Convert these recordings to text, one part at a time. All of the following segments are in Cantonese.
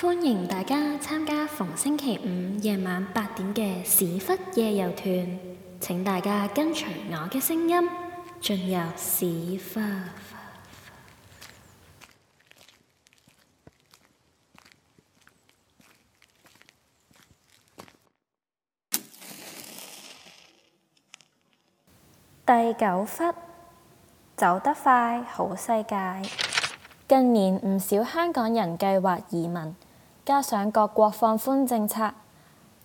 歡迎大家參加逢星期五夜晚八點嘅史窟夜遊團。請大家跟隨我嘅聲音進入史窟。第九窟，走得快，好世界。近年唔少香港人計劃移民。加上各國放寬政策，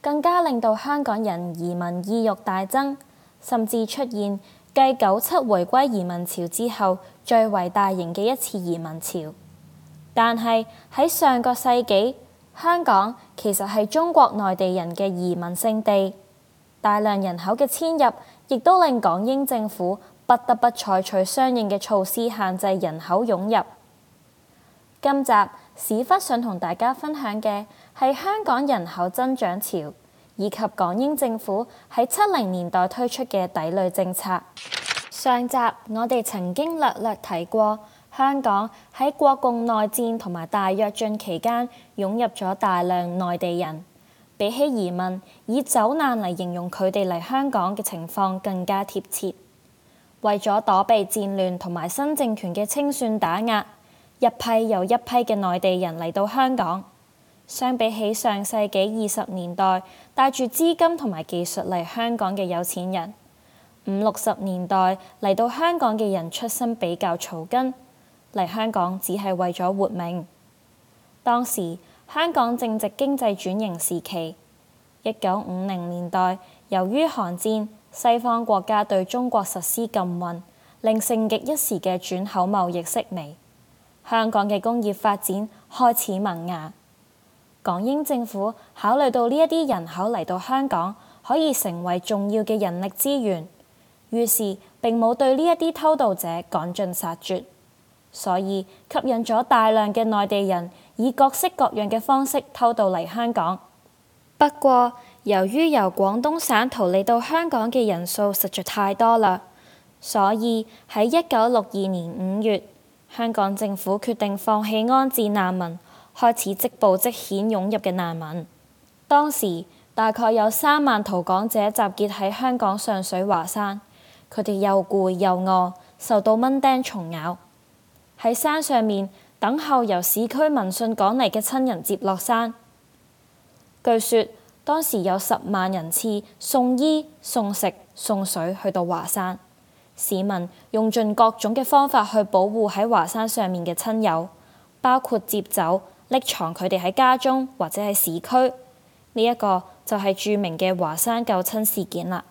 更加令到香港人移民意欲大增，甚至出現繼九七回歸移民潮之後，最為大型嘅一次移民潮。但係喺上個世紀，香港其實係中國內地人嘅移民聖地，大量人口嘅遷入，亦都令港英政府不得不採取相應嘅措施限制人口湧入。今集史窟想同大家分享嘅係香港人口增長潮，以及港英政府喺七零年代推出嘅抵壘政策。上集我哋曾經略略提過，香港喺國共內戰同埋大躍進期間湧入咗大量內地人。比起移民，以走難嚟形容佢哋嚟香港嘅情況更加貼切。為咗躲避戰亂同埋新政權嘅清算打壓，一批又一批嘅內地人嚟到香港，相比起上世紀二十年代帶住資金同埋技術嚟香港嘅有錢人，五六十年代嚟到香港嘅人出身比較草根，嚟香港只係為咗活命。當時香港正值經濟轉型時期，一九五零年代由於韓戰，西方國家對中國實施禁運，令盛極一時嘅轉口貿易式微。香港嘅工業發展開始萌芽，港英政府考慮到呢一啲人口嚟到香港可以成為重要嘅人力資源，於是並冇對呢一啲偷渡者趕盡殺絕，所以吸引咗大量嘅內地人以各式各樣嘅方式偷渡嚟香港。不過，由於由廣東省逃離到香港嘅人數實在太多啦，所以喺一九六二年五月，香港政府決定放棄安置難民，開始即捕即遣湧入嘅難民。當時大概有三萬逃港者集結喺香港上水華山，佢哋又攰又餓，受到蚊叮蟲咬，喺山上面等候由市區聞訊趕嚟嘅親人接落山。據說當時有十萬人次送衣、送食、送水去到華山。市民用盡各種嘅方法去保護喺華山上面嘅親友，包括接走、匿藏佢哋喺家中或者喺市區。呢、這、一個就係著名嘅華山救親事件啦。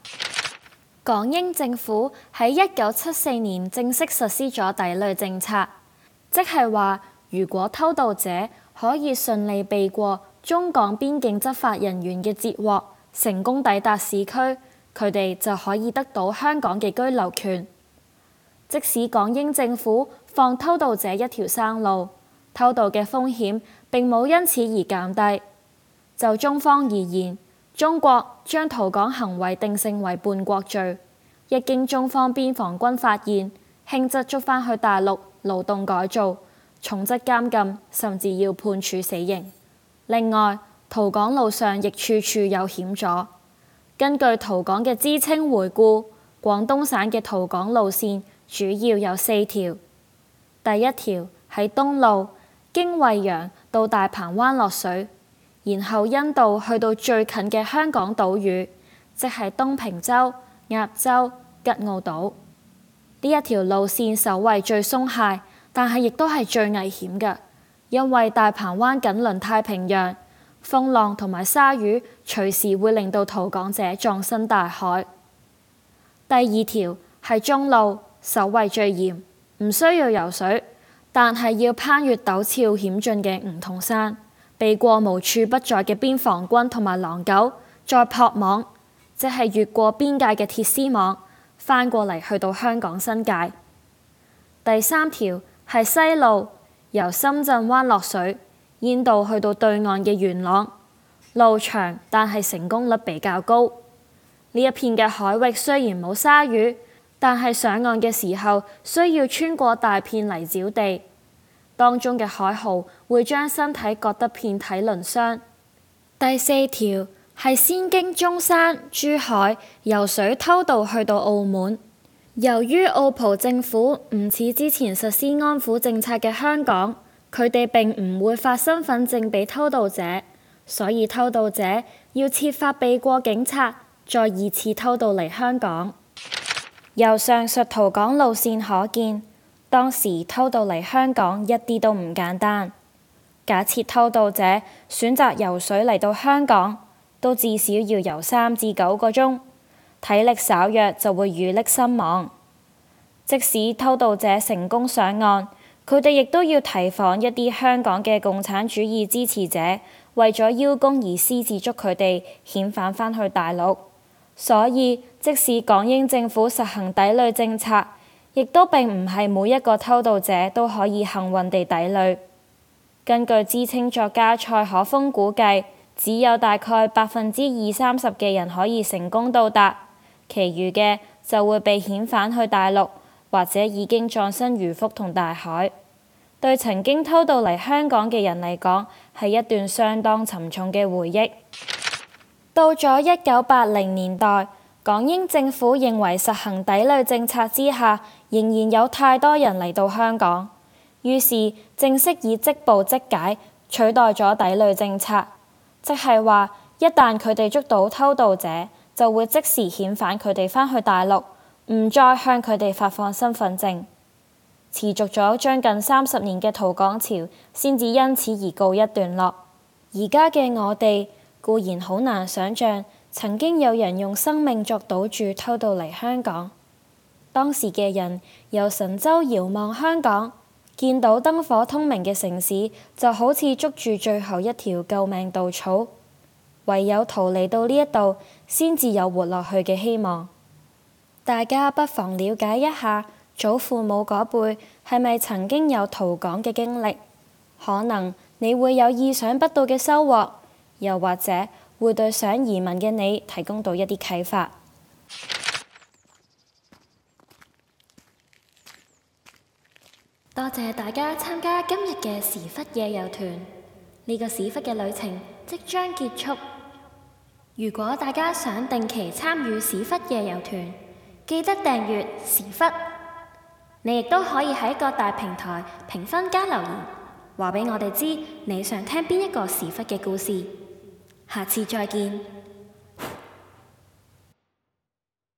港英政府喺一九七四年正式實施咗抵壘政策，即係話如果偷渡者可以順利避過中港邊境執法人員嘅截獲，成功抵達市區。佢哋就可以得到香港嘅居留權，即使港英政府放偷渡者一條生路，偷渡嘅風險並冇因此而減低。就中方而言，中國將逃港行為定性為叛國罪，一經中方邊防軍發現，輕則捉翻去大陸勞動改造，重則監禁，甚至要判處死刑。另外，逃港路上亦處處有險阻。根據逃港嘅知青回顧，廣東省嘅逃港路線主要有四條。第一條喺東路，經惠陽到大鵬灣落水，然後因道去到最近嘅香港島嶼，即係東平洲、鴨洲、吉澳島。呢一條路線守衞最鬆懈，但係亦都係最危險嘅，因為大鵬灣緊鄰太平洋。風浪同埋鯊魚隨時會令到逃港者葬身大海。第二條係中路，守衞最嚴，唔需要游水，但係要攀越陡峭險峻嘅梧桐山，避過無處不在嘅邊防軍同埋狼狗，再撲網，即係越過邊界嘅鐵絲網，翻過嚟去到香港新界。第三條係西路，由深圳灣落水。煙道去到對岸嘅元朗，路長，但係成功率比較高。呢一片嘅海域雖然冇鯊魚，但係上岸嘅時候需要穿過大片泥沼地，當中嘅海蠔會將身體割得遍體鱗傷。第四條係先經中山、珠海游水偷渡去到澳門，由於澳葡政府唔似之前實施安撫政策嘅香港。佢哋並唔會發身份證俾偷渡者，所以偷渡者要設法避過警察，再二次偷渡嚟香港。由上述逃港路線可見，當時偷渡嚟香港一啲都唔簡單。假設偷渡者選擇游水嚟到香港，都至少要游三至九個鐘，體力稍弱就會遇溺身亡。即使偷渡者成功上岸，佢哋亦都要提防一啲香港嘅共產主義支持者，為咗邀功而私自捉佢哋遣返翻去大陸。所以，即使港英政府實行抵壘政策，亦都並唔係每一個偷渡者都可以幸運地抵壘。根據知青作家蔡可峰估計，只有大概百分之二三十嘅人可以成功到達，其餘嘅就會被遣返去大陸。或者已經葬身魚腹同大海，對曾經偷渡嚟香港嘅人嚟講，係一段相當沉重嘅回憶。到咗一九八零年代，港英政府認為實行抵壘政策之下，仍然有太多人嚟到香港，於是正式以即捕即解取代咗抵壘政策，即係話一旦佢哋捉到偷渡者，就會即時遣返佢哋返去大陸。唔再向佢哋發放身份證，持續咗將近三十年嘅逃港潮，先至因此而告一段落。而家嘅我哋固然好難想像，曾經有人用生命作賭注偷渡嚟香港。當時嘅人由神州遙望香港，見到燈火通明嘅城市，就好似捉住最後一條救命稻草，唯有逃離到呢一度，先至有活落去嘅希望。大家不妨了解一下祖父母嗰輩係咪曾經有逃港嘅經歷，可能你會有意想不到嘅收穫，又或者會對想移民嘅你提供到一啲啟發。多謝大家參加今日嘅史窟夜遊團，呢個史窟嘅旅程即將結束。如果大家想定期參與史窟夜遊團。記得訂閱史窟，你亦都可以喺各大平台評分加留言，話俾我哋知你想聽邊一個史窟嘅故事。下次再見。